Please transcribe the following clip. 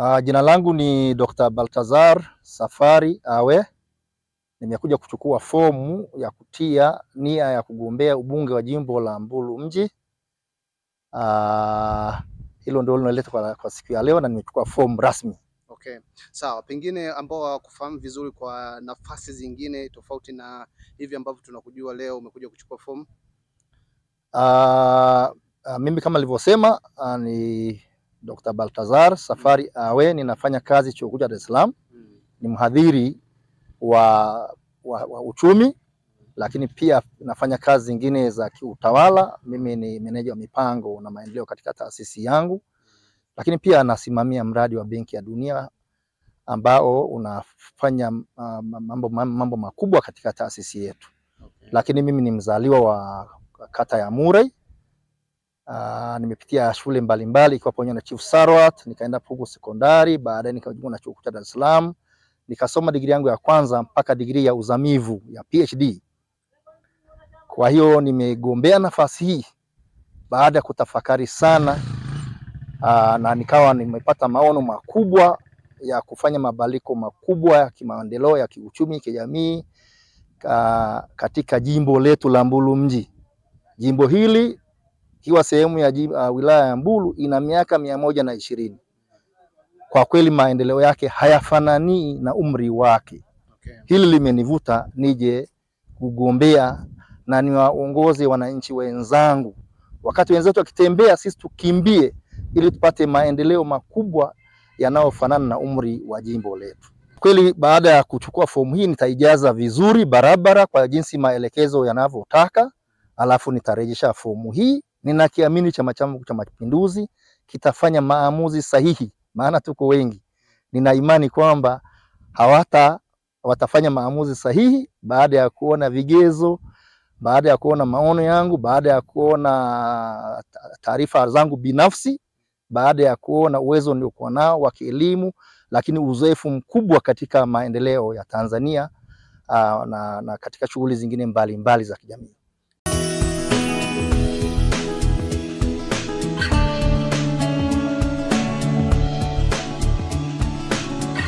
Uh, jina langu ni Dr. Baltazar Safari Awe. Nimekuja kuchukua fomu ya kutia nia ya kugombea ubunge wa jimbo la Mbulu mji. Ah, hilo uh, ndio linaleta kwa, kwa siku ya leo na nimechukua fomu rasmi. Okay. Sawa, pengine ambao hawakufahamu vizuri kwa nafasi zingine tofauti na hivi ambavyo tunakujua leo umekuja kuchukua fomu. Uh, uh, mimi kama nilivyosema uh, ni Dr. Baltazar Safari awe ninafanya kazi chuo kikuu cha Dar es Salaam, ni mhadhiri wa, wa, wa uchumi, lakini pia nafanya kazi zingine za kiutawala. Mimi ni meneja wa mipango na maendeleo katika taasisi yangu, lakini pia nasimamia mradi wa Benki ya Dunia ambao unafanya uh, mambo, mambo makubwa katika taasisi yetu okay. Lakini mimi ni mzaliwa wa kata ya Murai Ah, nimepitia shule mbalimbali ikiwa pamoja na Chief Sarwat, nikaenda Pugu sekondari, baadaye nikajiunga na chuo cha Dar es Salaam, nikasoma digrii yangu ya kwanza mpaka digrii ya uzamivu ya PhD. Kwa hiyo nimegombea nafasi hii baada ya kutafakari sana aa, ah, na nikawa nimepata maono makubwa ya kufanya mabadiliko makubwa ya kimaendeleo ya kiuchumi, kijamii ah, katika jimbo letu la Mbulu mji. Jimbo hili ikiwa sehemu ya uh, wilaya ya Mbulu ina miaka mia moja na ishirini. Kwa kweli maendeleo yake hayafananii na umri wake. Okay. Hili limenivuta nije kugombea na niwaongoze wananchi wenzangu, wakati wenzetu wakitembea, sisi tukimbie ili tupate maendeleo makubwa yanayofanana na umri wa jimbo letu. Kweli baada ya kuchukua fomu hii nitaijaza vizuri barabara kwa jinsi maelekezo yanavyotaka, alafu nitarejesha fomu hii Ninakiamini chama changu cha Mapinduzi kitafanya maamuzi sahihi, maana tuko wengi. Nina imani kwamba hawata watafanya maamuzi sahihi baada ya kuona vigezo, baada ya kuona maono yangu, baada ya kuona taarifa zangu binafsi, baada ya kuona uwezo niliokuwa nao wa kielimu, lakini uzoefu mkubwa katika maendeleo ya Tanzania na, na katika shughuli zingine mbalimbali mbali za kijamii.